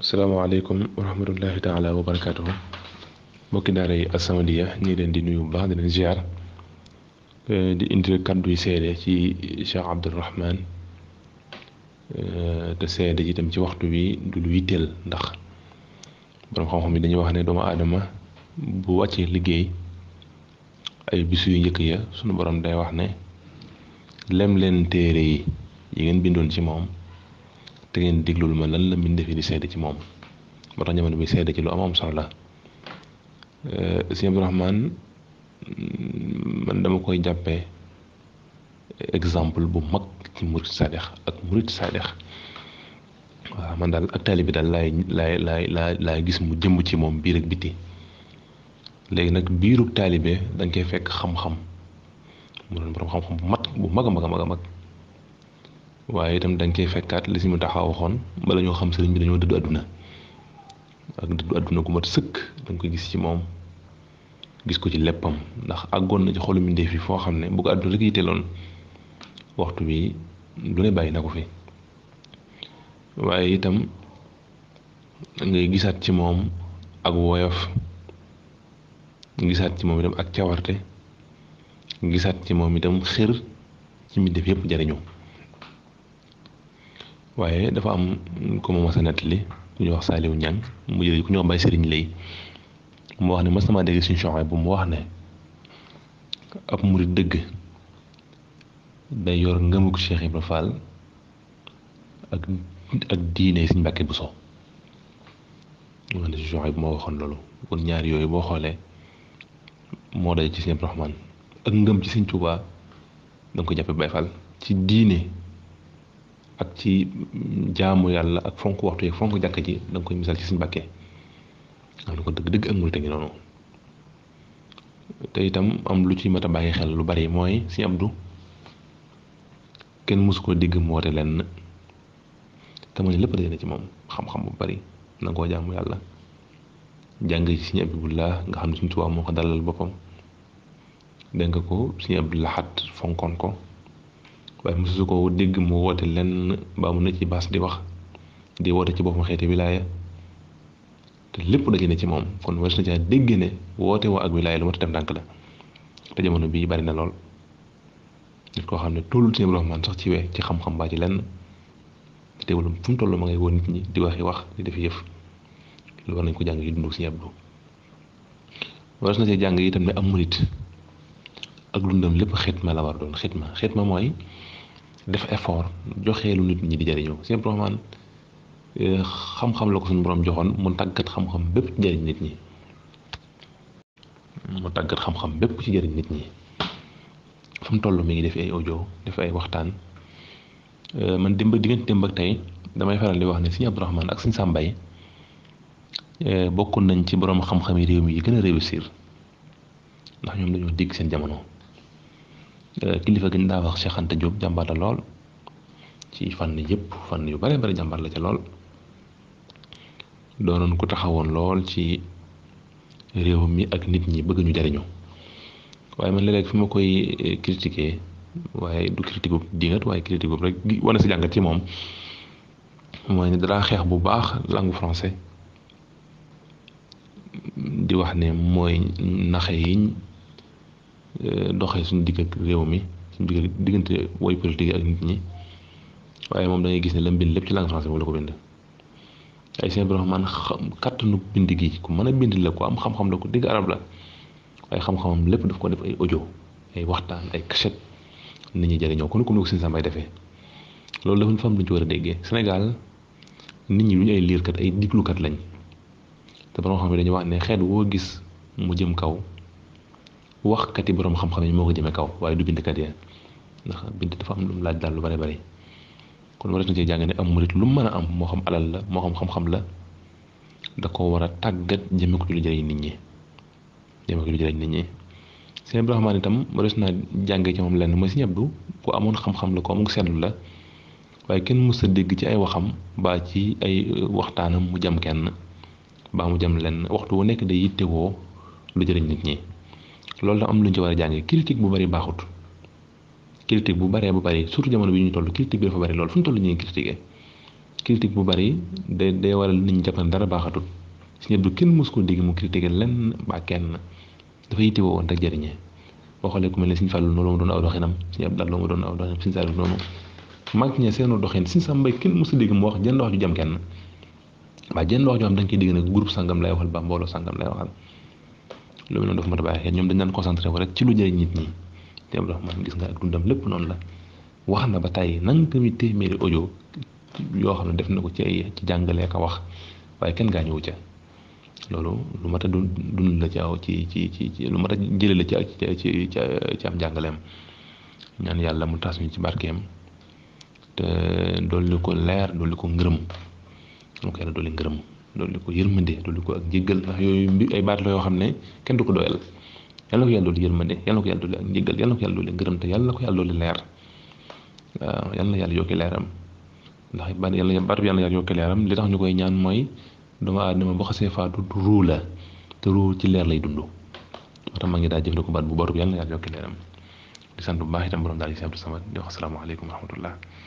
salaamaaleykum wa rahmatullahi taala wa barakaatuhu mbokki daara yi As-Samadiyya ñu ngi leen di nuyu bu baax di leen ziar eh, di indi kàddu yi seede ci Cheikh Abdourahman eh, te seede ji itam ci waxtu bi du lu yitteel ndax borom xam-xam yi dañuy wax ne doomu aadama bu wàccee liggéey ay bisu yu njëkk ya sunu borom day wax ne lem téere yi yi ngeen bindoon ci moom. te ngeen diglul ma lan la mbindéef yi di seede ci moom moo tax jamono bi seede ci lu am am solo la euh, sëñ Abdourahman man dama koy jàppe exemple bu mag ci murit sadex ak murit sadex waaw man daal ak taalibe bi daal laay laay laay laay gis mu jëmb ci moom biir ak biti léegi nag biiru taalibe da koy fekk xam-xam mu doon borom xam-xam bu mat bu mag a mag a mag a mag waaye itam dañ koy fekkaat li mu taxaw waxoon bala ñoo xam sëriñ bi dañoo dëddu àdduna ak dëddu àdduna gu mat sëkk dañ ko gis ci moom gis ko ci leppam ndax ak àggoon na ci xolu mbindeef yi foo xam ne bu ko àdduna rek yitteeloon waxtu bi lu ne bàyyi na ko fi waaye itam ngay gisaat ci moom ak woyof gisaat ci moom itam ak cawarte gisaat ci moom itam xër ci mbindeef yépp jariñu waaye dafa am ku ma mas a nettali ku ñuy wax Saliou Niang mu jël ku ñuy wax Baye Serigne mu wax ne mas sama dégg suñu soxna bu mu wax ne ab murid dëgg day yor ngëmug Cheikh Ibra ak ak diine Sëriñ Mbàkke Buso wax ne suñu soxna bu moo waxoon loolu kon ñaar yooyu boo xoolee moo daje ci Sëriñ Abdu Raxmaan ak ngëm ci Sëriñ Tuubaa da nga ko jàppe Baay Fall ci diine ak ci jaamu yàlla ak fonk waxtu fonk jàkk ji da nga koy misaal ci na ko dëgg-dëgg ak murit a am lu ci mat bàyyi xel lu bari mooy si abdu kenn mosu koo dégg mu woote lenn lépp dajale ci moom xam-xam bu bari nangoo jaamu yàlla jàng ci Sëriñ Abibullah nga xam ne Sëriñ Tuubaa moo ko dalal boppam dégg nga ko Sëriñ Abdul Ahad fonkoon ko. waaye mosu ko dégg mu woote lenn ba mu ne ci baas di wax di woote ci boppam xeeti wilaaya te lépp daje ne ci moom kon war na caa dégg ne woote woo ak wilaaya lu ma te def ndànk la te jamono bii bari na lool nit koo xam ne tollu si Abdu Rahmaan sax ci wee ci xam-xam ci lenn fu mu toll ma ngay woon nit ñi di waxi wax di def yëf nañ ko jàng yi dundu Sëñ Abdu war na jàng itam ne am murit ak dundam lépp xitma la war doon xitma xitma mooy def effort joxe lu nit ñi di jëriñoo Sëñ Abdu Rahmaan euh, xam-xam la ko suñu boroom joxoon mu tàggat xam-xam bépp ci jëriñ nit ñi mu tàggat xam bépp ci jëriñ nit ñi fu toll mi ngi def ay audio def ay waxtaan euh, man démb diggante démb ak tey damay faral di wax ne Sëñ Abdu Rahmaan ak Sëñ Sàmbaay euh, bokkoon nañ ci boroom xam-xam yi réew mi yi gën a réussir ndax ñoom dañoo digg seen jamono. Euh, kilifa gi ñu daa wax Cheikh Anta Diop lool ci fànn yëpp fànn yu bare bari jàmbaar la ca lool doonoon ku taxawoon lool ci réew mi ak nit ñi bëgg ñu jariñu waaye man léeg fi ma koy eh, critiquer waaye du critique bu dingat waaye critique bu rek wane si jàngat ci moom mooy ne dara xeex bu baax langue français di wax ne mooy naxe yiñ Euh, doxee suñu digg ak réew mi suñu digg diggante woy politique ak nit ñi waaye moom da gis ne la mbind lépp ci langue français wala ko bind ay seen man xam kàttanu ku mën a bind la am xam la ku dégg arab la waaye xam-xamam lépp daf ko def ay audio ay waxtaan ay cachet nit ñi jëriñoo ko Sëñ Samba defee loolu dafa ñu fa ci war a déggee Sénégal nit ñu ay liirkat ay diglukat lañ te borom xam ne dañuy wax ne xeet woo gis mu jëm kaw. waxkat yi boroom xam-xam yi moo ko jëmee kaw waaye du bindkat ya ndax bind dafa am lu mu laaj daal lu bare bare kon war na cee jàng am murit lu mën a am moo xam alal la moo xam xam la da ko war a tàggat jëme lu jëriñ nit ñi jëme ko lu jëriñ nit ñi sëñ Abdou res naa jàngee ci moom lenn mooy sëñ Abdou ku amoon xam-xam la ko amoon seetlu la waaye kenn mu sa dégg ci ay waxam baa ci ay euh, waxtaanam mu jam kenn baa mu jam lenn waxtu wu nekk day yittewoo lu jëriñ nit ñi loolu la am lu ñu ci war a jàngee critique bu bari baaxut critique bu baree bu bari surtout jamono bi ñu toll critique bi dafa bari lool fu ñu toll ñu ngi critiqué critique bu bari day day waral nit ñi jàpp ne dara baaxatul si ñëpp du kenn mës koo dégg mu critiqué lenn ba kenn dafa yitte woo woon rek jëriñee boo xoolee ku mel ne Sëñ Fallu loolu mu doon aw doxinam Sëñ Abdal loolu mu doon aw doxinam Sëñ Saalif noonu mag ñe seenu doxin Sëñ Sàmba Mbay kenn mu wax jënd wax ju jëm kenn waaye jënd wax ju am da nga koy dégg ne groupe sangam lay waxal sangam lay waxal loolu noonu dafa a bàyyi ñoom dañ daan concentré wu rek ci lu jëriñ nit ñi te gis nga ak lépp noonu la wax na ba tey nangami téeméeri audio yoo xam ne def na ko ci ay ci wax waaye kenn gaañuwu ca loolu lu mat a dun dund la ci aw ci ci ci lu mat a jële la ci ci ci am jàngaleem ñaan yàlla mu taas ci barkeem te dolli ko leer dolli ko ngërëm donc yàlla dolli ngërëm loolu ko yërmande loolu ko ak njëggal ndax yooyu mbi ay baat la yoo xam ne kenn du ko doyal yàlla ko yàlla doolu yërmande yàlla ko yàlla doolu ak njëggal yàlla ko yàlla doolu gërëm ko yàlla doolu leer waaw yàlla yàlla yokki leeram ndax baat yàlla baat bi yàlla yàlla yokki leeram li tax ñu koy ñaan mooy doomu dama boo xasee faatu ruu la te ruu ci leer lay dund moo tax ma ngi daal ko baat bu baru yàlla yàlla yokki leeram di sant bu baax tam borom daal di si Abdou Samad di wax asalaamaaleykum wa rahmatullah